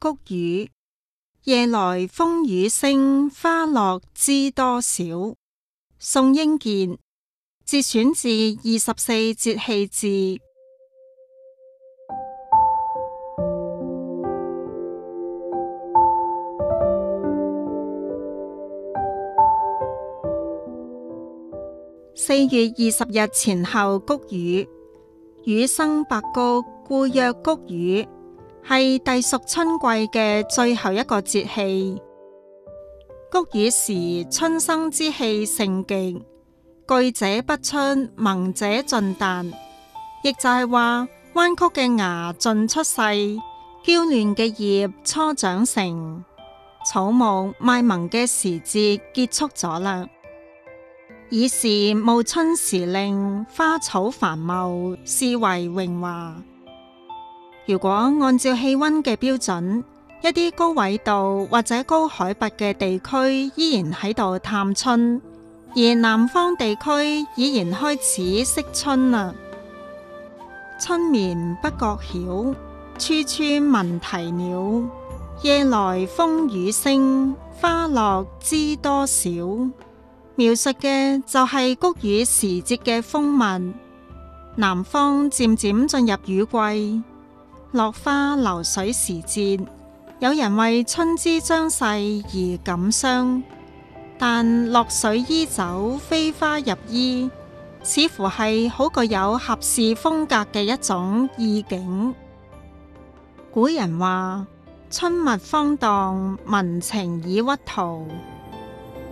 谷雨，夜來風雨聲，花落知多少。宋英傑，節選自《二十四節氣志》。四月二十日前後，谷雨，雨生百谷，故曰谷雨。係隸屬春季嘅最後一個節氣，谷雨時春生之氣盛極，句者畢出，萌者盡達，亦就係話彎曲嘅芽盡出世，嬌嫩嘅葉初長成，草木賣萌嘅時節結束咗啦，已是暮春時令，花草繁茂，是為榮華。如果按照氣溫嘅標準，一啲高緯度或者高海拔嘅地區依然喺度探春，而南方地區已然開始識春啦。春眠不覺曉，處處聞啼鳥。夜來風雨聲，花落知多少。描述嘅就係谷雨時節嘅風物。南方漸漸進入雨季。落花流水時節，有人為春之將逝而感傷，但落水衣酒，飛花入衣，似乎係好具有合適風格嘅一種意境。古人話：春物荒蕩，文情已屈陶。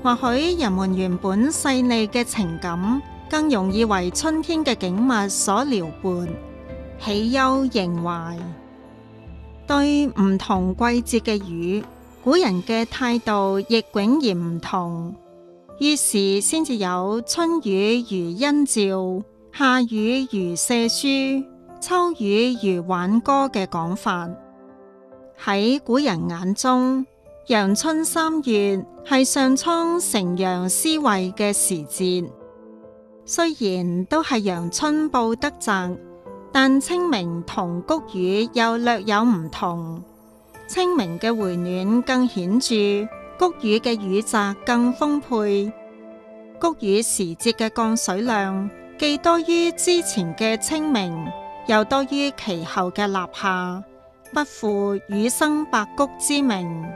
或許人們原本細膩嘅情感，更容易為春天嘅景物所撩撥。喜憂盈懷，對唔同季節嘅雨，古人嘅態度亦迥然唔同。於是先至有春雨如恩詔，夏雨如赦書，秋雨如挽歌嘅講法。喺古人眼中，陽春三月係上蒼承陽施惠嘅時節，雖然都係陽春布德澤。但清明同穀雨又略有唔同，清明嘅回暖更顯著，穀雨嘅雨澤更豐沛。穀雨時節嘅降水量既多於之前嘅清明，又多於其後嘅立夏，不負雨生百穀之名。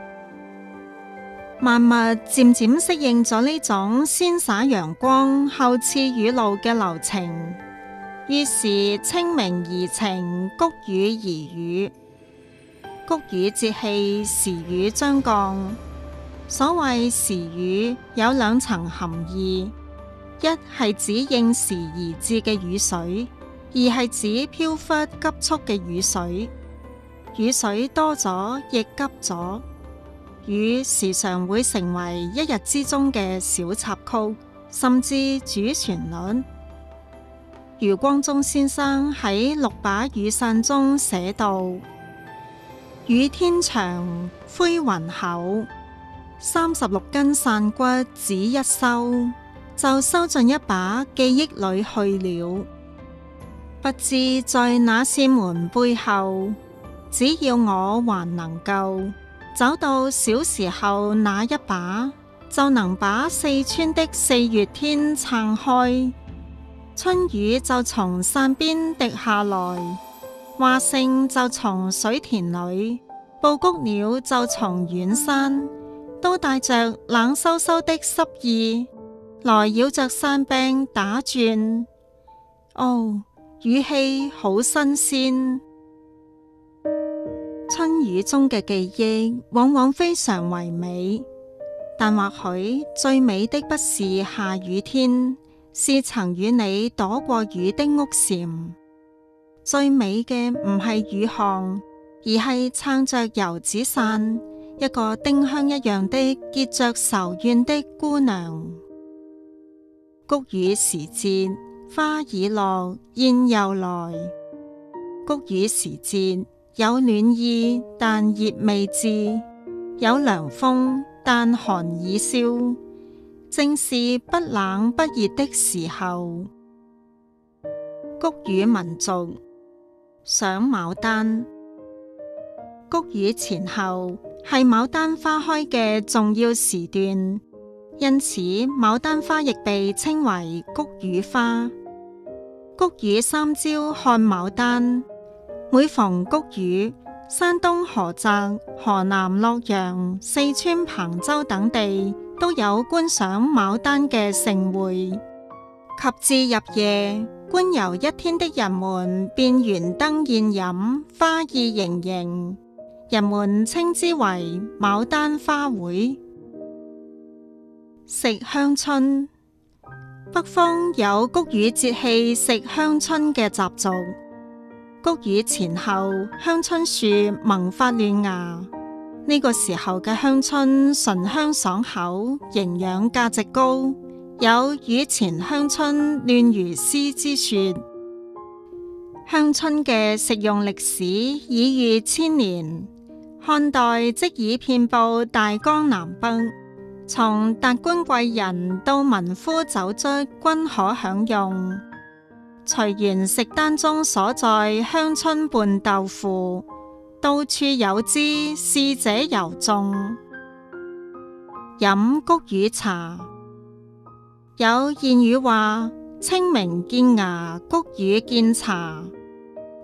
萬物漸漸適應咗呢種先灑陽光後賜雨露嘅流程。於是清明而晴，谷雨而雨。谷雨節氣時雨將降。所謂時雨有兩層含義：一係指應時而至嘅雨水；二係指飄忽急促嘅雨水。雨水多咗，亦急咗，雨時常會成為一日之中嘅小插曲，甚至主旋律。余光中先生喺《六把雨傘》中寫道：「雨天長，灰雲厚，三十六根傘骨只一收，就收進一把記憶裏去了。不知在哪扇門背後，只要我還能夠找到小時候那一把，就能把四川的四月天撐開。春雨就從山邊滴下來，蛙聲就從水田裏，布穀鳥就從遠山，都帶着冷颼颼的濕意，來繞着山冰打轉。哦，語氣好新鮮。春雨中嘅記憶往往非常唯美，但或許最美的不是下雨天。是曾與你躲過雨的屋檐，最美嘅唔係雨巷，而係撐着油紙傘，一個丁香一樣的結着愁怨的姑娘。穀雨時節，花已落，燕又來。穀雨時節有暖意，但熱未至；有涼風，但寒已消。正是不冷不熱的時候，谷雨民俗賞牡丹。谷雨前後係牡丹花開嘅重要時段，因此牡丹花亦被稱為谷雨花。谷雨三朝看牡丹，每逢谷雨，山東菏澤、河南洛陽、四川彭州等地，都有觀賞牡丹嘅盛會，及至入夜，觀遊一天的人們便燃燈宴飲，花意盈盈，人們稱之為牡丹花會。食香椿，北方有谷雨節氣食香椿嘅習俗。谷雨前後，香椿樹萌發嫩芽。呢個時候嘅香椿醇香爽口，營養價值高，有“雨前香椿嫩如絲”之說。香椿嘅食用歷史已逾千年，漢代即已遍布大江南北，從達官貴人到民夫走卒均可享用。隨園食單中所載香椿拌豆腐。到處有之，侍者尤眾。飲谷雨茶，有諺語話：清明見芽，谷雨見茶。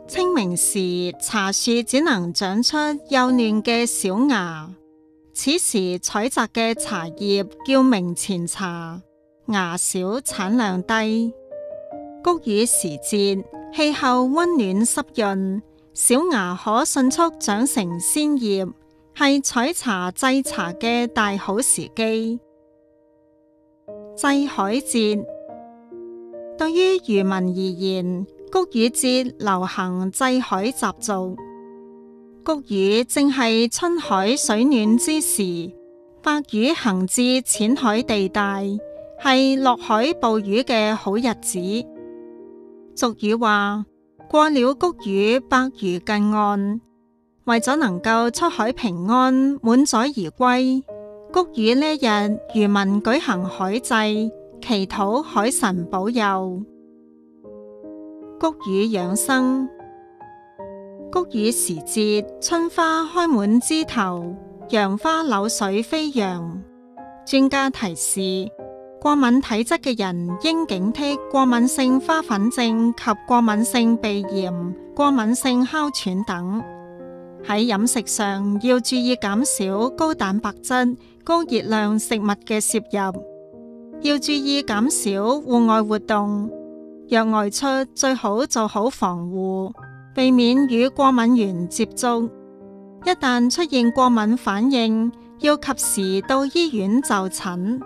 清明時，茶樹只能長出幼嫩嘅小芽，此時採摘嘅茶葉叫明前茶，芽小產量低。谷雨時節，氣候温暖濕潤。小芽可迅速長成鮮葉，係採茶製茶嘅大好時機。祭海節，對於漁民而言，谷雨節流行祭海習俗。谷雨正係春海水暖之時，白魚行至淺海地帶，係落海捕魚嘅好日子。俗語話。過了谷雨，百魚近岸。為咗能夠出海平安、滿載而歸，谷雨呢日，漁民舉行海祭，祈禱海神保佑。谷雨養生，谷雨時節，春花開滿枝頭，楊花柳絮飛揚。專家提示。過敏體質嘅人應警惕過敏性花粉症及過敏性鼻炎、過敏性哮喘等。喺飲食上要注意減少高蛋白質、高熱量食物嘅攝入，要注意減少戶外活動。若外出，最好做好防護，避免與過敏源接觸。一旦出現過敏反應，要及時到醫院就診。